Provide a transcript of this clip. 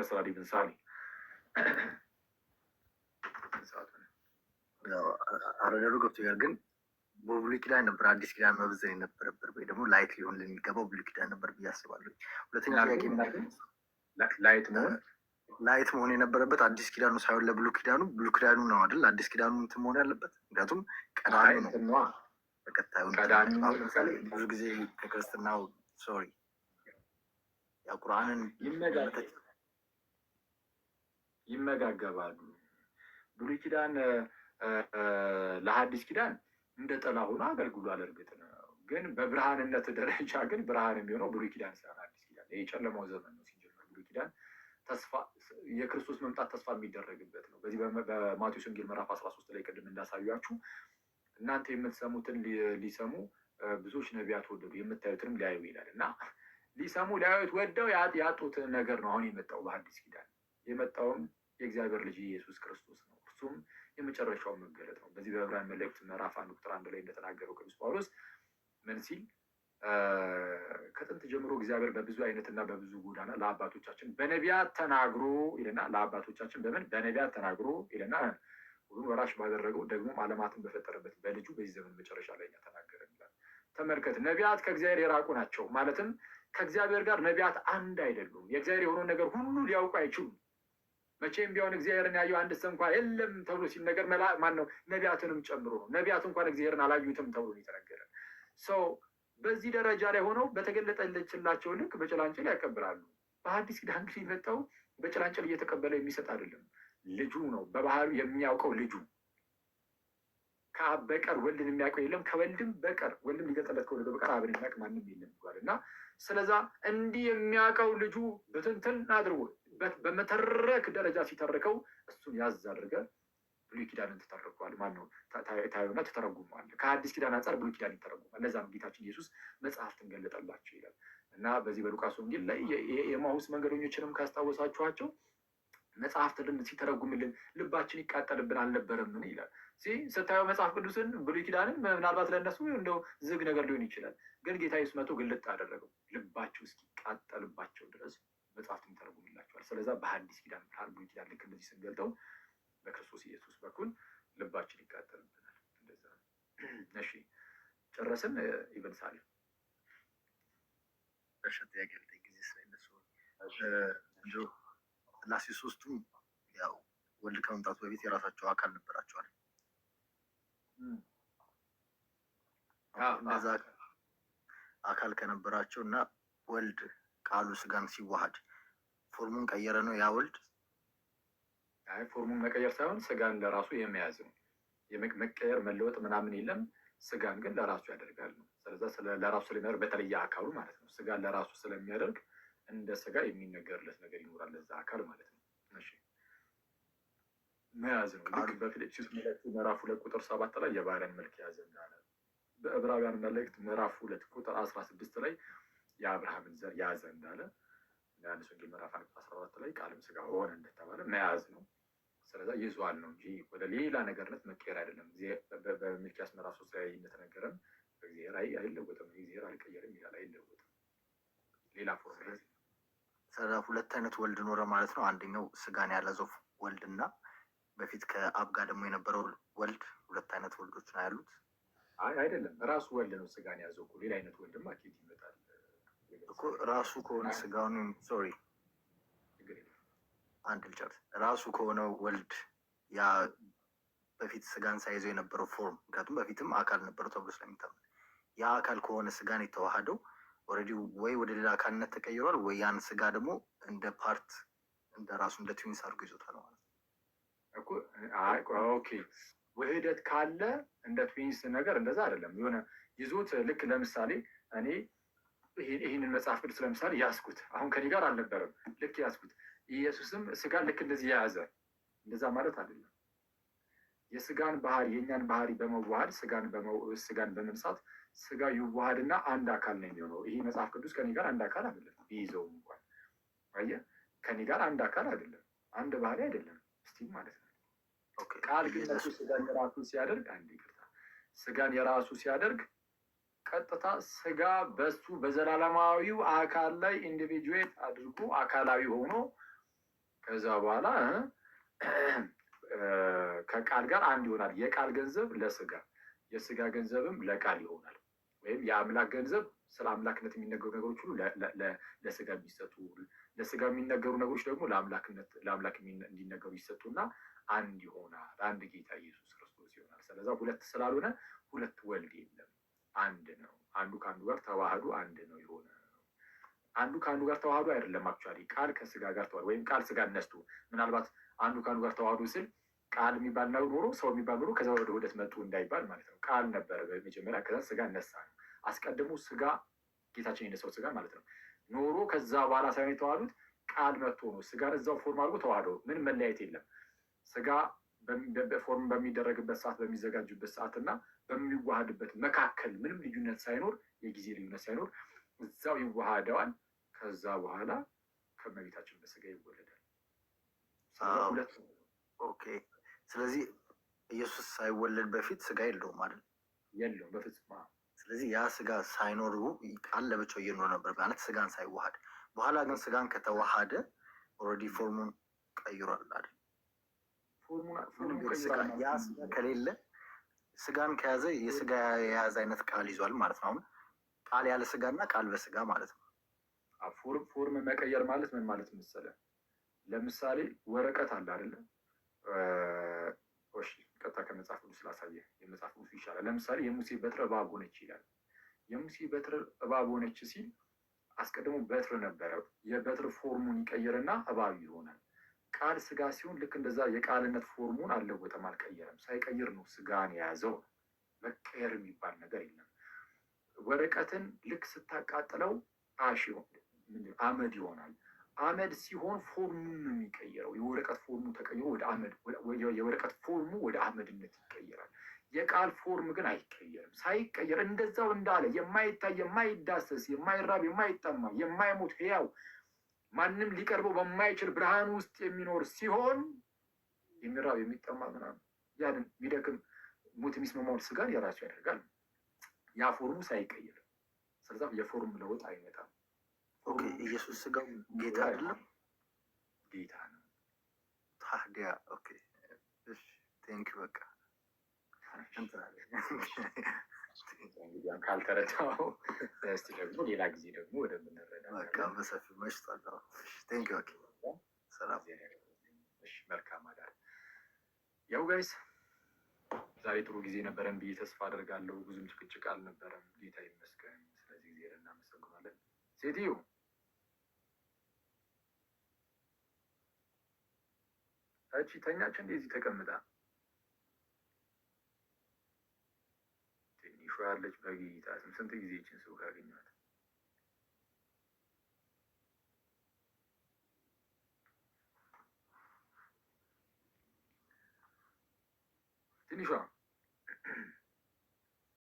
ይመስላል። ኢብን ሳኒ አረዳዱ ገብቶኛል፣ ግን በብሉይ ኪዳን ነበር አዲስ ኪዳን መብዘን የነበረበት ወይ ደግሞ ላይት ሊሆን ለሚገባው ብሉይ ኪዳን ነበር ብዬ አስባለሁ። ሁለተኛ ጥያቄ ላይት መሆን የነበረበት አዲስ ኪዳኑ ሳይሆን ለብሉ ኪዳኑ ብሉ ኪዳኑ ነው አይደል? አዲስ ኪዳኑ እንትን መሆን ያለበት ምክንያቱም ቀዳሚ ነው ተከታዩ ብዙ ጊዜ ከክርስትናው ሶሪ ቁርአንን ይመጋገባሉ። ብሉይ ኪዳን ለሐዲስ ኪዳን እንደ ጥላ ሆኖ አገልግሏል። እርግጥ ነው ግን በብርሃንነት ደረጃ ግን ብርሃን የሚሆነው ብሉይ ኪዳን ሳይሆን አዲስ ኪዳን የጨለማው ዘመን ነው። ብሉይ ኪዳን ተስፋ የክርስቶስ መምጣት ተስፋ የሚደረግበት ነው። በዚህ በማቴዎስ ወንጌል ምዕራፍ አስራ ሶስት ላይ ቅድም እንዳሳያችሁ እናንተ የምትሰሙትን ሊሰሙ ብዙዎች ነቢያት ወደዱ የምታዩትንም ሊያዩ ይላል እና ሊሰሙ ሊያዩት ወደው ያጡት ነገር ነው አሁን የመጣው በአዲስ ኪዳን የመጣውም የእግዚአብሔር ልጅ ኢየሱስ ክርስቶስ ነው። እርሱም የመጨረሻው መገለጥ ነው። በዚህ በዕብራውያን መልእክት ምዕራፍ አንድ ቁጥር አንድ ላይ እንደተናገረው ቅዱስ ጳውሎስ ምን ሲል ከጥንት ጀምሮ እግዚአብሔር በብዙ አይነትና በብዙ ጎዳና ለአባቶቻችን በነቢያት ተናግሮ ይለና ለአባቶቻችን በምን በነቢያት ተናግሮ ይለና ሁሉን ወራሽ ባደረገው ደግሞ ዓለማትን በፈጠረበት በልጁ በዚህ ዘመን መጨረሻ ላይ ተናገረ ይላል። ተመልከት፣ ነቢያት ከእግዚአብሔር የራቁ ናቸው። ማለትም ከእግዚአብሔር ጋር ነቢያት አንድ አይደሉም። የእግዚአብሔር የሆነውን ነገር ሁሉ ሊያውቁ አይችሉም። መቼም ቢሆን እግዚአብሔርን ያየው አንድ ሰው እንኳ የለም ተብሎ ሲነገር ማን ነው? ነቢያትንም ጨምሮ ነው። ነቢያት እንኳን እግዚአብሔርን አላዩትም ተብሎ የተነገረ ሰው በዚህ ደረጃ ላይ ሆነው በተገለጠለችላቸው ልክ በጭላንጭል ያቀብላሉ። በአዲስ ኪዳን እንግዲህ የመጣው በጭላንጭል እየተቀበለ የሚሰጥ አይደለም። ልጁ ነው በባህሉ የሚያውቀው ልጁ ከአብ በቀር ወልድን የሚያውቀው የለም። ከወልድም በቀር ወልድም ሊገልጠለት ከወለደው በቀር አብን የሚያውቅ ማንም የለም ይባል እና ስለዛ እንዲህ የሚያውቀው ልጁ ብትንትን አድርጎት በሚጽፍበት በመተረክ ደረጃ ሲተርከው እሱን ያዝ አድርገ ብሉይ ኪዳንን ተተርኳል። ማነው ታዩና ተተረጉመዋል። ከአዲስ ኪዳን አንጻር ብሉይ ኪዳን ይተረጉማል። ለዛም ጌታችን ኢየሱስ መጽሐፍትን ገለጠላቸው ይላል እና በዚህ በሉቃስ ወንጌል ላይ የኤማሁስ መንገደኞችንም ካስታወሳችኋቸው መጽሐፍትን ሲተረጉምልን ልባችን ይቃጠልብን አልነበረምን ይላል። ስታየው መጽሐፍ ቅዱስን ብሉይ ኪዳንን ምናልባት ለእነሱ እንደው ዝግ ነገር ሊሆን ይችላል። ግን ጌታ ኢየሱስ ግልጥ አደረገው ልባቸው እስኪቃጠልባቸው ድረስ መጽሐፍትም ተረጉምላቸዋል። ስለዛ በሐዲስ ኪዳን ብሉይ ኪዳን ልክ እንደዚህ ስንገልጠው በክርስቶስ ኢየሱስ በኩል ልባችን ይቃጠልብናል። እንደዛ እሺ ጨረስን። ይበልሳል ሳሌ እሺ ጥያቄ ጊዜ ስለነሱ እንዲሁ ሥላሴ ሶስቱም ያው ወልድ ከመምጣቱ በፊት የራሳቸው አካል ነበራቸዋል። እነዛ አካል ከነበራቸው እና ወልድ ቃሉ ስጋም ሲዋሃድ ፎርሙን ቀየረ ነው ያ ወልድ? አይ ፎርሙን መቀየር ሳይሆን ስጋን ለራሱ የሚያዝ ነው። መቀየር መለወጥ ምናምን የለም። ስጋን ግን ለራሱ ያደርጋል ነው። ስለዛ ለራሱ ስለሚያደርግ በተለየ አካሉ ማለት ነው። ስጋን ለራሱ ስለሚያደርግ እንደ ስጋ የሚነገርለት ነገር ይኖራል ለዛ አካል ማለት ነው። መያዝ ነው። ልክ በፊልጵስዩስ መልእክት ምዕራፍ ሁለት ቁጥር ሰባት ላይ የባሪያን መልክ የያዘ እንዳለ በዕብራውያን መልእክት ምዕራፍ ሁለት ቁጥር አስራ ስድስት ላይ የአብርሃምን ዘር ያዘ እንዳለ ዮሐንስ ወንጌል ምዕራፍ አስራ አራት ላይ ቃልም ስጋ ሆነ እንደተባለ መያዝ ነው። ስለዛ ይዟል ነው እንጂ ወደ ሌላ ነገርነት መቀየር አይደለም። በሚልኪያስ ምዕራፍ ሶስት ላይ እንደተነገረን እግዚአብሔር አይለወጥም፣ እግዚአብሔር አልቀየርም ይላል። አይለወጥም ሌላ ፕሮሰስ። ስለዛ ሁለት አይነት ወልድ ኖረ ማለት ነው። አንደኛው ስጋን ያለዘው ወልድ እና በፊት ከአብ ጋር ደግሞ የነበረው ወልድ፣ ሁለት አይነት ወልዶች ነው ያሉት። አይ አይደለም፣ ራሱ ወልድ ነው ስጋን ያዘው። ሌላ አይነት ወልድማ ኬት ይመጣል? ራሱ ከሆነ ስጋውን ሶሪ አንድ ልጨርስ። ራሱ ከሆነው ወልድ ያ በፊት ስጋን ሳይዘው የነበረው ፎርም፣ ምክንያቱም በፊትም አካል ነበረው ተብሎ ስለሚታመን ያ አካል ከሆነ ስጋን የተዋሃደው ኦልሬዲ ወይ ወደ ሌላ አካልነት ተቀይሯል፣ ወይ ያን ስጋ ደግሞ እንደ ፓርት እንደ ራሱ እንደ ትዊንስ አድርጎ ይዞታል ማለት ነው። ውህደት ካለ እንደ ትዊንስ ነገር እንደዛ አይደለም የሆነ ይዞት ልክ ለምሳሌ እኔ ይህንን መጽሐፍ ቅዱስ ለምሳሌ ያስኩት አሁን ከኔ ጋር አልነበረም። ልክ ያስኩት ኢየሱስም ስጋን ልክ እንደዚህ የያዘ እንደዛ ማለት አይደለም። የስጋን ባህሪ የእኛን ባህሪ በመዋሃድ ስጋን ስጋን በመንሳት ስጋ ይዋሃድና አንድ አካል ነው የሚሆነው። ይሄ መጽሐፍ ቅዱስ ከኔ ጋር አንድ አካል አይደለም። ቢይዘውም እንኳን አየህ፣ ከኔ ጋር አንድ አካል አይደለም፣ አንድ ባህሪ አይደለም። እስቲ ማለት ነው ቃል ግን ስጋን የራሱ ሲያደርግ አንድ ይቅርታ፣ ስጋን የራሱ ሲያደርግ ቀጥታ ስጋ በሱ በዘላለማዊው አካል ላይ ኢንዲቪጁዌት አድርጎ አካላዊ ሆኖ ከዛ በኋላ ከቃል ጋር አንድ ይሆናል። የቃል ገንዘብ ለስጋ የስጋ ገንዘብም ለቃል ይሆናል። ወይም የአምላክ ገንዘብ ስለ አምላክነት የሚነገሩ ነገሮች ሁሉ ለስጋ የሚሰጡ ለስጋ የሚነገሩ ነገሮች ደግሞ ለአምላክ እንዲነገሩ ይሰጡና አንድ ይሆናል። አንድ ጌታ ኢየሱስ ክርስቶስ ይሆናል። ስለዛ ሁለት ስላልሆነ ሁለት ወልድ የለም። አንድ ነው። አንዱ ከአንዱ ጋር ተዋህዶ አንድ ነው የሆነ አንዱ ከአንዱ ጋር ተዋህዶ አይደለም። አክቹዋሊ ቃል ከስጋ ጋር ተዋህዶ ወይም ቃል ስጋ እነስቱ ምናልባት አንዱ ከአንዱ ጋር ተዋህዶ ስል ቃል የሚባል ኖሮ ሰው የሚባል ኖሮ ከዛ ወደ ውህደት መጡ እንዳይባል ማለት ነው። ቃል ነበረ በመጀመሪያ ከዛ ስጋ ነሳ ነው። አስቀድሞ ስጋ ጌታችን የነሳው ስጋ ማለት ነው ኖሮ ከዛ በኋላ ሳይሆን የተዋህዱት ቃል መጥቶ ነው። ስጋን እዛው ፎርም አድርጎ ተዋህዶ ምንም መለያየት የለም ስጋ ፎርም በሚደረግበት ሰዓት በሚዘጋጁበት ሰዓት እና በሚዋሃድበት መካከል ምንም ልዩነት ሳይኖር የጊዜ ልዩነት ሳይኖር እዛው ይዋሃደዋል። ከዛ በኋላ ከመቤታችን በስጋ ይወለዳል። ኦኬ። ስለዚህ ኢየሱስ ሳይወለድ በፊት ስጋ የለውም አይደል? የለውም በፍጹም። ስለዚህ ያ ስጋ ሳይኖሩ ቃል ለብቻው እየኖረ ነበር ማለት ስጋን ሳይዋሃድ። በኋላ ግን ስጋን ከተዋሃደ ኦልሬዲ ፎርሙን ቀይሯል አይደል? ያ ስጋ ከሌለ ስጋን ከያዘ የስጋ የያዘ አይነት ቃል ይዟል ማለት ነው። አሁን ቃል ያለ ስጋ ቃል በስጋ ማለት ነው። ፎርም ፎርም መቀየር ማለት ምን ማለት መሰለ? ለምሳሌ ወረቀት አለ አይደለ? እሺ ቀጥታ ከመጽሐፍ ቅዱስ ስላሳየ የመጽሐፍ ቅዱስ ይሻላል። ለምሳሌ የሙሴ በትረ እባብ ሆነች ይላል። የሙሴ በትር እባብ ሆነች ሲል አስቀድሞ በትር ነበረ። የበትር ፎርሙን ይቀይርና እባብ ይሆናል። ቃል ስጋ ሲሆን ልክ እንደዛ የቃልነት ፎርሙን አልለወጠም፣ አልቀየረም። ሳይቀይር ነው ስጋን የያዘው። መቀየር የሚባል ነገር የለም። ወረቀትን ልክ ስታቃጥለው አመድ ይሆናል። አመድ ሲሆን ፎርሙን ነው የሚቀይረው። የወረቀት ፎርሙ ተቀይሮ ወደ አመድ የወረቀት ፎርሙ ወደ አመድነት ይቀየራል። የቃል ፎርም ግን አይቀየርም። ሳይቀየር እንደዛው እንዳለ የማይታይ የማይዳሰስ የማይራብ የማይጠማ የማይሞት ህያው ማንም ሊቀርበው በማይችል ብርሃን ውስጥ የሚኖር ሲሆን የሚራብ የሚጠማ ምናምን ያንን የሚደክም ሙት የሚስማማውን ስጋን የራሱ ያደርጋል። ያ ፎርሙ ሳይቀየር ስለዛም የፎርም ለውጥ አይመጣም። ኢየሱስ ስጋው ጌታ አይደለም፣ ጌታ ነው። ታዲያ ኦኬ፣ በቃ ቴንክ በቃ እንግዲህ ካልተረዳው እስቲ ደግሞ ሌላ ጊዜ ደግሞ ወደምንረዳ በሰፊው መች መልካም አዳር። ያው ጋይስ ዛሬ ጥሩ ጊዜ ነበረን ብዬ ተስፋ አደርጋለሁ። ብዙም ጭቅጭቅ አልነበረም፣ ጌታ ይመስገን። ስለዚህ ጊዜ እናመሰግናለን። ሴትዮ እቺ ተኛች እንዴ ተቀምጣ ሾ ያለች በግ ይይዛትም። ስንት ጊዜ ይችን ሰው ካገኘት